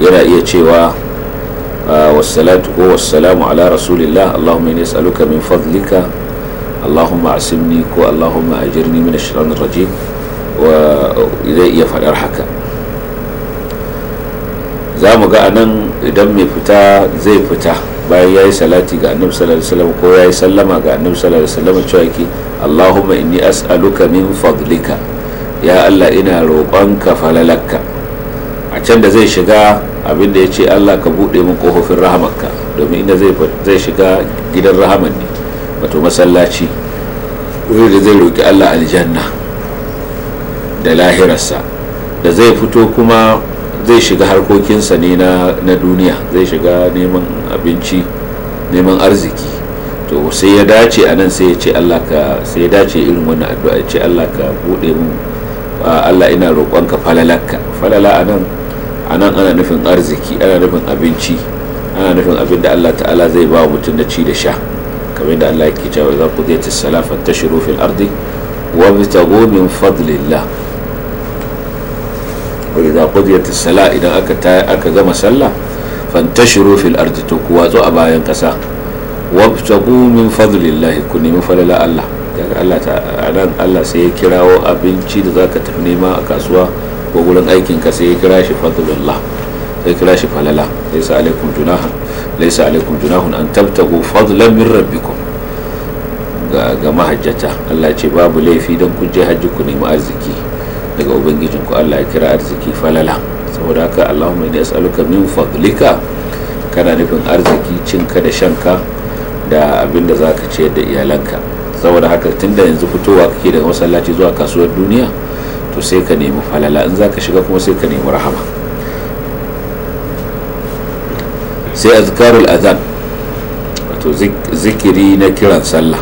yana iya cewa ah, wassalatu ko wassalamu ala rasulillah allahumma inni as'aluka min fadlika allahumma asimni ko allahumma ajirni min ash-shaytanir rajim wa zai iya faɗar haka za mu ga anan idan mai fita zai fita bayan ya yi salati ga annabi sallallahu alaihi ko ya yi sallama ga annabi sallallahu alaihi wasallam cewa yake allahumma inni as'aluka min fadlika ya allah ina roƙonka falalakka can da zai shiga abin da ya ce allah ka buɗe min ƙofofin rahamarka domin inda zai shiga gidan rahaman ne wato masallaci wuri da zai roƙi allah aljanna da lahirarsa da zai fito kuma zai shiga harkokinsa ne na duniya zai shiga neman abinci neman arziki to sai ya dace a nan sai ya ce Allah ka sai ya dace irin wannan addu'a ya ce Allah ka buɗe mun Allah ina roƙonka falalaka falala a nan a nan ana nufin arziki ana nufin abinci ana nufin abin da allah ta'ala zai ba mutum da ci da sha kamar da allah ke cewa za ku zai ta ardi wa min fadlillah wa idza qudiyat as-sala idan aka aka gama sallah fantashiru fil ardi to ku watsu a bayan kasa wabtagu min fadlillah ku nemi falala Allah daga Allah ta anan Allah sai ya kirawo abinci da zaka tafi nema a kasuwa ko gurin aikin ka sai ya kira shi fadlullah sai kira shi falala laysa alaikum junahun laysa alaikum junahun an tabtagu fadlan min rabbikum ga ga mahajjata Allah ce babu laifi dan ku je hajji ku nemi arziki daga ubangijin ku Allah ya kira arziki falala saboda haka Allahumma inni as'aluka min fadlika kana nufin arziki cin ka da shan ka da abin da zaka ciyar da iyalanka saboda haka tunda yanzu fitowa kake daga masallaci zuwa kasuwar duniya to sai ka nemi falala in za ka shiga kuma sai ka nemi rahama sai azkarul azan wato zikiri na kiran sallah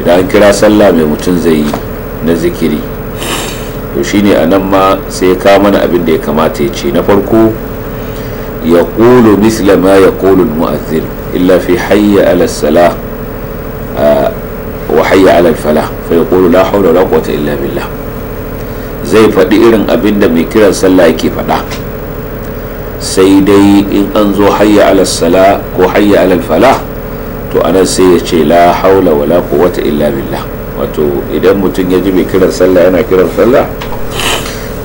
idan an kira sallah mai mutum zai yi na zikiri to shine a nan ma sai ka mana abin da ya kamata ya ce na farko ya ƙulu misla ma ya illa fi hayya ala sala wa hayya ala fala fa ya ƙulu la la quwwata illa billah zai faɗi irin abin da mai kiran sallah yake faɗa sai dai in an zo hayya alal ko hayya alal fala to anan sai ya ce la haula wala quwwata illa billah wato idan mutum ya ji mai kiran sallah yana kiran sallah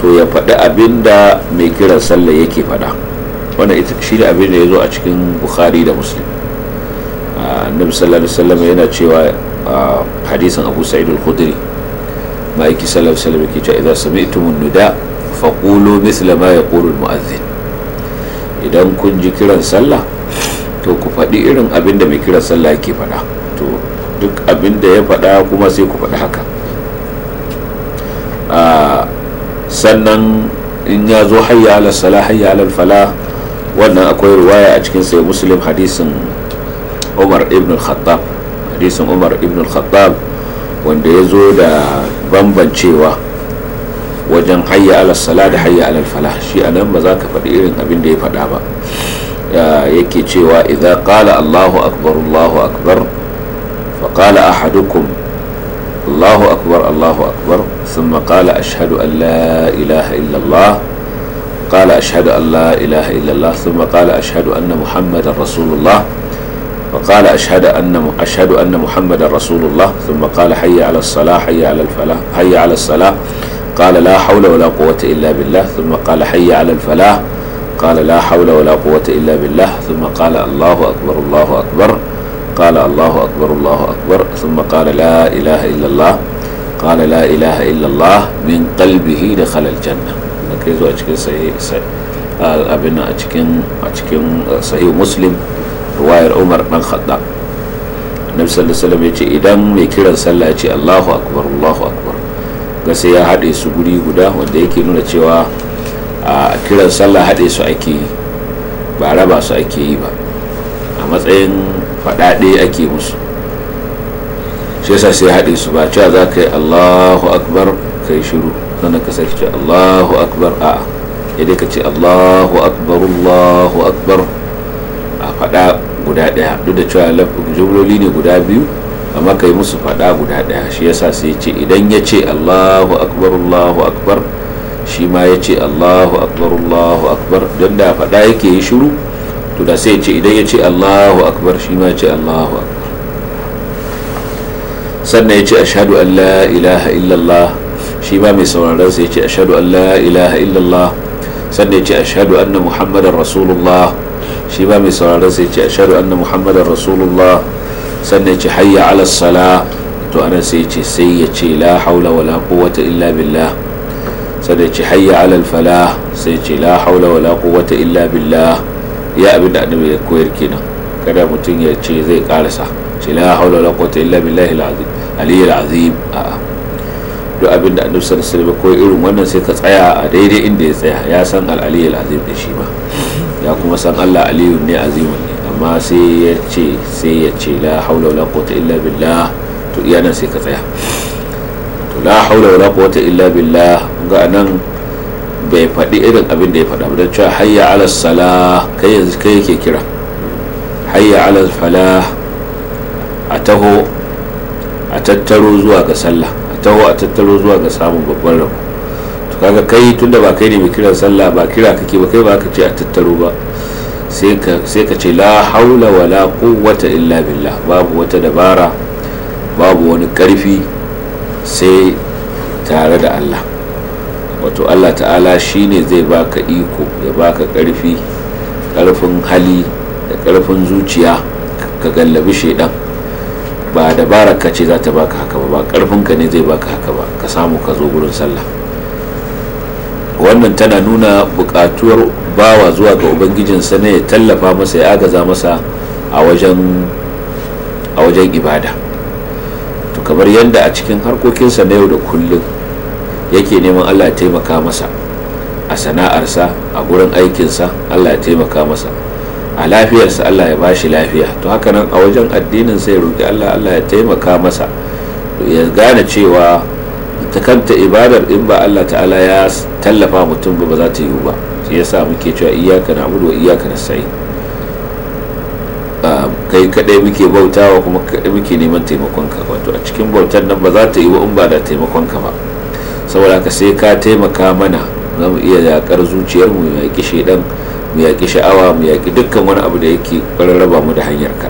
to ya faɗi abin da mai kiran sallah yake faɗa wannan shi ne abin da ya zo a cikin bukhari da muslim annabi sallallahu alaihi wasallam yana cewa ah, hadisin abu sa'id al-khudri ma'aiki sallallahu alaihi wasallam yake cewa idza sami'tumun nuda faqulu mithla ma yaqulu al-mu'adhdhin idan kun ji kiran sallah to ku faɗi irin abin da mai kiran sallah yake faɗa to duk abin da ya faɗa kuma sai ku faɗi haka ah, sannan in ya zo hayya ala sala hayya ala fala wannan akwai ruwaya a cikin sai muslim hadisin umar ibn al hadisin umar ibn wanda ya zo da bambancewa wajen hayya alal sala da hayya alal fala shi a nan ba za ka faɗi irin abin da ya faɗa ba yake cewa idan qala allahu akbar allahu akbar fa qala ahadukum allahu akbar allahu akbar thumma qala ashhadu an la ilaha illa allah قال أشهد أن لا إله إلا الله ثم قال أشهد أن محمدا رسول فقال أشهد أن أشهد أن محمدا رسول الله ثم قال حي على الصلاة حي على الفلاح حي على الصلاة قال لا حول ولا قوة إلا بالله ثم قال حي على الفلاح قال لا حول ولا قوة إلا بالله ثم قال الله أكبر الله أكبر قال الله أكبر الله أكبر ثم قال لا إله إلا الله قال لا إله إلا الله من قلبه دخل الجنة لكن يزوج كن صحيح أبنا أشكن أشكن صحيح مسلم ruwayar umar dan khattab annabi sallallahu alaihi wasallam yace idan mai kiran sallah ce Allahu akbar Allahu akbar ga sai ya hade su guri guda wanda yake nuna cewa a kiran sallah hade su ake ba raba su ake yi ba a matsayin fadade ake musu shi yasa sai hade su ba cewa za ka yi Allahu akbar kai shiru sannan ka sake cewa Allahu akbar a'a ya dai ka ce Allahu akbar Allahu akbar a faɗa guda daya duk da cewa jumloli ne guda biyu amma kai musu fada guda daya shi yasa sai ce idan ya ce Allahu akbar Allahu akbar shi ma ya ce Allahu akbar Allahu akbar don da fada yake yi shiru to da sai ce idan ya ce Allahu akbar shi ma ya ce Allahu akbar sannan ya ce ashadu an la ilaha illallah shi ma mai sauraron sai ya ce ashadu an la ilaha illallah sannan ya ce ashhadu anna muhammadar rasulullah shi ba mai sauraron sai ce ashadu anna muhammadar rasulullah sannan ya ce hayya ala sala to ana sai ce sai ya ce la haula wala quwwata illa billah sannan ya ce hayya ala falah sai ce la haula wala quwwata illa billah ya abin da annabi ya koyar kenan kada mutum ya ce zai karasa ce la haula wala quwwata illa billahi al-azim aliyyul azim a'a duk abin da annabi sallallahu alaihi wasallam ko irin wannan sai ka tsaya a daidai inda ya tsaya ya san al al azim da shi ba ya kuma san Allah aliyun ne azimun ne amma sai ya ce sai ya ce la haula wala quwwata illa billah to iya nan sai ka tsaya to la haula wala quwwata illa billah ga nan bai faɗi irin abin da ya faɗa don cewa hayya ala salah kai yanzu kai yake kira hayya ala falah a taho a tattaro zuwa ga sallah taho a tattaro zuwa ga samun babban rabo to kaga kai tunda ba kai ne mai kiran sallah ba kira kake ba kai ba ka ce a tattaro ba sai ka ce la haula wa la quwwata illa billah babu wata dabara babu wani karfi sai tare da Allah wato Allah ta'ala shine zai baka iko ya baka karfi karfin hali da karfin zuciya ka gallabi shaidan ba dabarar ka ce za ta baka haka ba karfin ka ne zai baka haka ba ka samu ka zo gurin sallah wannan tana nuna bukatuwar bawa zuwa ga ubangijinsa ne ya tallafa masa ya agaza masa a wajen a wajen ibada to kamar yadda a cikin harkokinsa na yau da kullum yake neman allah ya taimaka masa a sana'arsa a gurin aikinsa allah ya taimaka masa a lafiyarsa Allah ya ba shi lafiya to haka nan a wajen addinin sai roƙi Allah Allah ya taimaka masa ya gane cewa ta kanta ibadar in ba Allah ta'ala ya tallafa mutum ba za ta yiwu ba shi sa muke cewa iyaka na wa iyaka na sai ah, kai kadai muke bautawa kuma kadai muke neman taimakonka wato a cikin bautar nan ba za ta yiwu in ba da taimakon ka ba saboda ka sai ka taimaka mana zamu iya yakar zuciyarmu ya ki dan. mu yaƙi sha'awa mu yaƙi dukkan wani abu da yake ƙwararraba mu da ka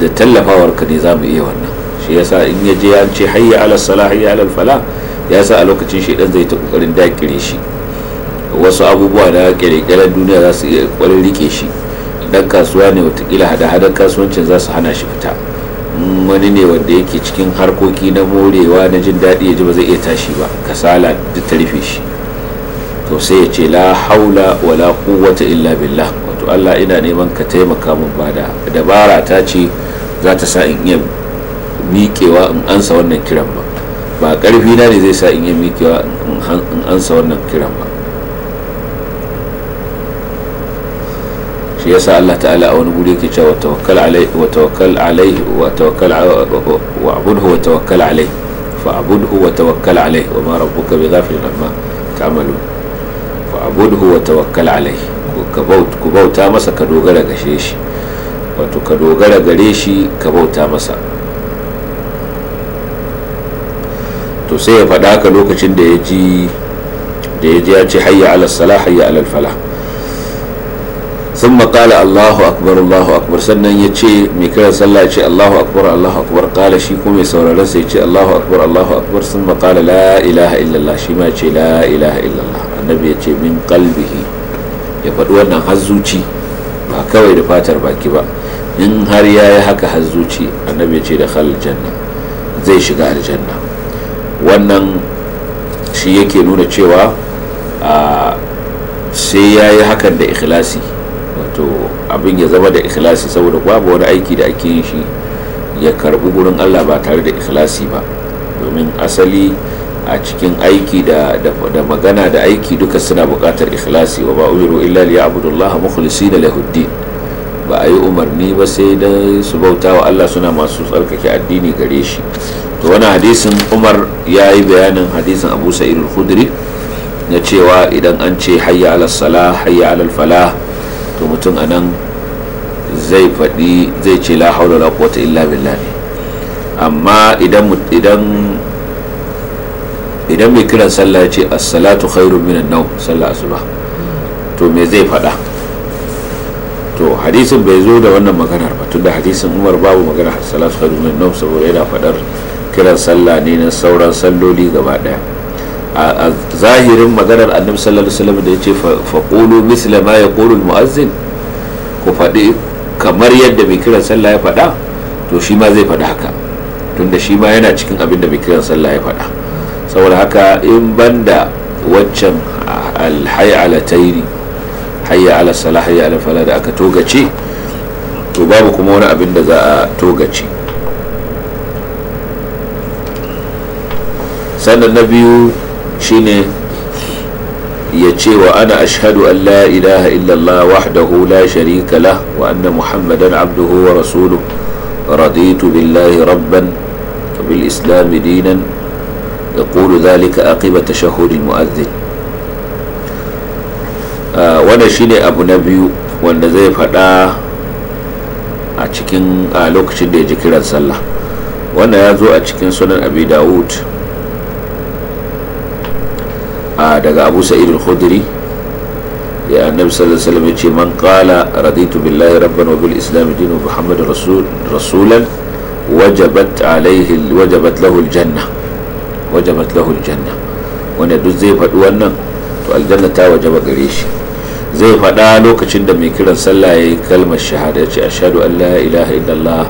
da tallafawar ka ne za mu iya wannan shi yasa in ya je an ce hayya ala sala hayya ala fala ya sa a lokacin shi dan zai ta kokarin dakire shi wasu abubuwa da kirkirar duniya za su iya kwarin rike shi dan kasuwa ne watakila hada-hadar kasuwancin za su hana shi fita wani ne wanda yake cikin harkoki na morewa na jin daɗi ya ji ba zai iya tashi ba kasala duk ta rufe shi to sai ya ce la haula wala quwwata illa billah wato Allah ina neman ka taimaka min ba da dabara ta ce za ta sa in yi miƙewa in ansa wannan kiran ba ba ƙarfi na ne zai sa in yi miƙewa in ansa wannan kiran ba shi yasa Allah ta'ala a wani guri yake cewa tawakkal alai wa tawakkal alai wa tawakkal wa abudhu wa tawakkal alai fa abudhu wa tawakkal alai wa ma rabbuka bighafilin amma ta'malun fa'budhu wa tawakkal alai ku bauta masa ka dogara gashe shi wato ka dogara gare shi ka bauta masa to sai ya faɗa ka lokacin da ya ji da ya ji ya ce hayya ala salah hayya ala fala sun makala allahu akbar allahu akbar sannan ya ce mai kiran sallah ya ce allahu akbar allahu akbar kala shi kuma mai sauraron sai ya ce allahu akbar allahu akbar sun makala la ilaha illallah shi ma ya ce la ilaha illallah annabi ya ce min kalbihi ya faɗi wannan hazzuci zuci ba kawai da fatar baki ba in har ya yi haka hazzuci annabi ya ce da khal janna zai shiga aljanna wannan shi yake nuna cewa sai ya yi hakan da ikhlasi wato abin ya zama da ikhlasi saboda babu wani aiki da ake yin shi ya karbi gurin allah ba tare da ikhlasi ba domin asali a cikin aiki da magana da aiki duka suna buƙatar ikhlasi wa ba umiru illa abudullah ya'budullaha da lahuddin ba a yi umarni ba sai da su bauta wa Allah suna masu tsarkake addini gare shi to wani hadisin Umar ya yi bayanin hadisin Abu Sa'id al-Khudri na cewa idan an ce hayya ala salah hayya ala falah to mutum anan zai faɗi zai ce la haula la quwwata illa billah amma idan idan idan mai kiran sallah ya ce assalatu khairu minan nau sallah asuba to me zai faɗa to hadisin bai zo da wannan maganar ba tunda hadisin umar babu magana assalatu khairu minan nau saboda yana faɗar kiran sallah ne na sauran salloli gaba daya a zahirin maganar annabi sallallahu alaihi wasallam da ya ce faqulu misla ma yaqulu almu'azzin ku faɗi kamar yadda mai kiran sallah ya faɗa to shi ma zai faɗa haka tunda shi ma yana cikin abin da mai kiran sallah ya faɗa saboda haka in banda waccan alhayya ala taini hayya ala sala hayya ala fala da aka togace to babu kuma wani abin da za a togace sannan na biyu shine ya ce wa ana ashhadu an la ilaha illallah wahdahu la sharika lah wa anna muhammadan abduhu wa rasuluhu raditu billahi rabban bil islami dinan يقول ذلك عقب تشهد المؤذن wannan shine abu na biyu wanda zai faɗa a cikin a lokacin da ya ji kiran sallah wannan ya zo a cikin sunan abi dawud ah, daga abu sa'id al-khudri ya annabi sallallahu yace man kala raditu billahi rabban wa islam dinu muhammad rasulan wajabat alaihi wajabat lahu janna wajabat lahu janna wanda duk zai faɗi wannan to aljanna ta wajaba gare shi zai faɗa lokacin da mai kiran sallah yayi kalmar shahada ya ce ashadu an la ilaha illallah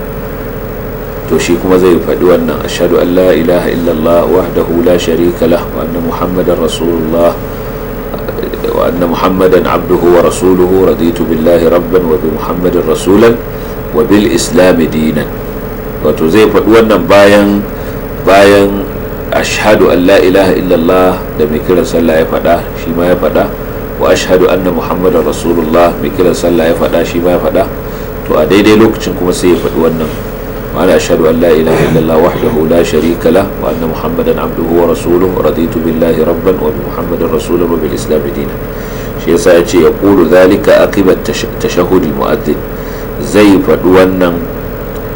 to shi kuma zai faɗi wannan ashadu an la ilaha illallah wahdahu la sharika lah wa anna muhammadar rasulullah wa anna muhammadan abduhu wa rasuluhu raditu billahi rabban wa bi muhammadin rasulan wa bil islam dinan wato zai faɗi wannan bayan bayan ashhadu an la ilaha illallah da mai kiran sallah ya faɗa shi ma ya faɗa wa ashhadu anna muhammadar rasulullah mai kiran sallah ya faɗa shi ma ya faɗa to a daidai lokacin kuma sai ya faɗi wannan وأنا أشهد أن لا إله إلا الله وحده لا شريك له وأن محمدا عبده ورسوله رضيت بالله ربا وبمحمد رسولا وبالإسلام دينا شيء يقول ذلك tashahudi التشهد zai زي wannan.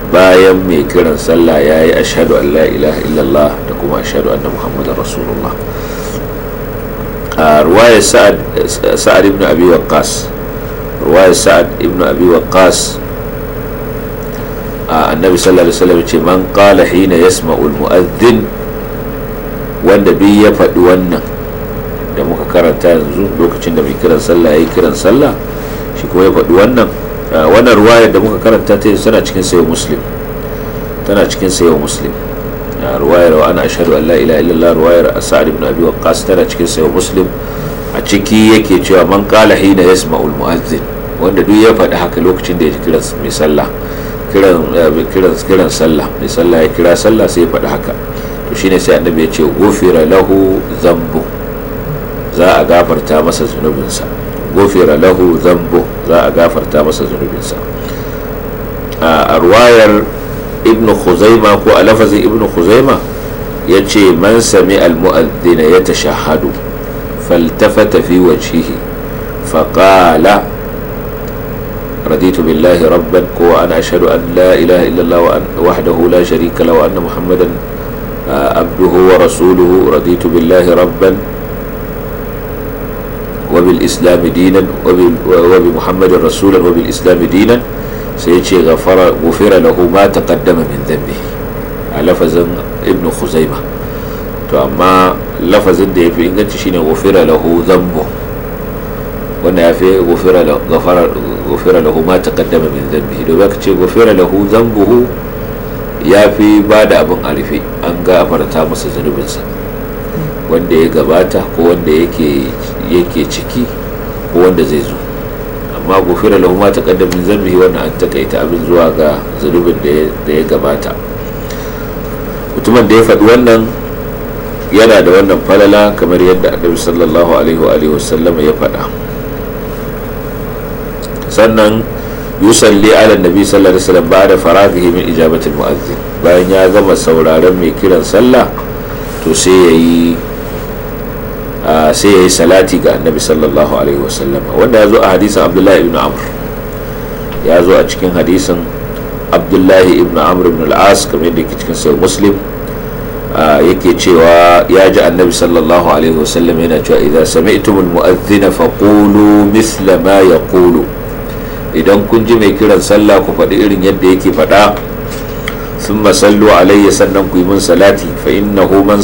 bayan mai kiran sallah ya yi ashadu an la ilaha illallah da kuma ashadu anna muhammadar rasulullah a ruwayar sa'ad ibn abi waqqas ruwayar sa'ad ibn abi waqqas annabi sallallahu alaihi wasallam ce man qala hina yasma'u al-mu'adhdhin wanda bi ya faɗi wannan da muka karanta yanzu lokacin da mai kiran sallah ya yi kiran sallah shi kuma ya faɗi wannan Ah, wannan ruwayar da muka karanta ta yanzu tana cikin sayo muslim tana cikin sayo muslim ah, ruwayar wa ana ashhadu an la ilaha illallah ruwayar sa'ad ibn abi waqqas tana cikin sayo muslim a ciki yake cewa man qala hina yasma'ul mu'adhdhin wanda duk ya faɗi haka lokacin da ya ji kiran mai sallah kiran ah, kiran kiran sallah mai sallah ya kira sallah sai ya faɗi haka to shine sai annabi ya ce gofira lahu dhanbu za a gafarta masa zunubinsa غفر له ذنبه ذا أغافر تامس ذنوب إنسا أرواية آه، ابن خزيمة كو ألفز ابن خزيمة يجي من سمع المؤذن يتشهد فالتفت في وجهه فقال رضيت بالله ربا كو أنا أشهد أن لا إله إلا الله وأن وحده لا شريك له وأن محمدا آه، عبده ورسوله رضيت بالله ربا وبالإسلام دينا وبمحمد رسولا وبالإسلام دينا سيجي غفر غفر له ما تقدم من ذنبه لفظ ابن خزيمة تو أما لفظ دي في إنجتشين غفر له ذنبه wannan ya fi gufira lahu ma ta kaddama min zambi domin ka ce gufira lahu zambuhu ya fi ba da abin arife an gafarta masa zunubinsa wanda ya gabata ko wanda yake yake ciki ko wanda zai zo amma gofira lahu ma taqaddama min zambihi wannan an takaita abin zuwa ga zunubin da ya gabata mutumin da ya faɗi wannan yana da wannan falala kamar yadda annabi sallallahu alaihi wa alihi wasallam ya faɗa sannan yusalli ala nabi sallallahu alaihi wasallam ba'da faraghihi min ijabatil mu'adhdhin bayan ya gama sauraron mai kiran sallah to sai yayi sai ya yi salati ga annabi sallallahu alaihi wasallam wanda ya zo a hadisin abdullahi ibn amr ya zo a cikin hadisin abdullahi ibn amr ibn al'as kamar yadda ke cikin sai muslim yake cewa ya ji annabi sallallahu alaihi wasallam yana cewa idan sami'tum al-mu'adhdhin fa qulu mithla ma idan kun ji mai kiran sallah ku faɗi irin yadda yake faɗa Sun sallu alayya sannan ku yi min salati fa innahu man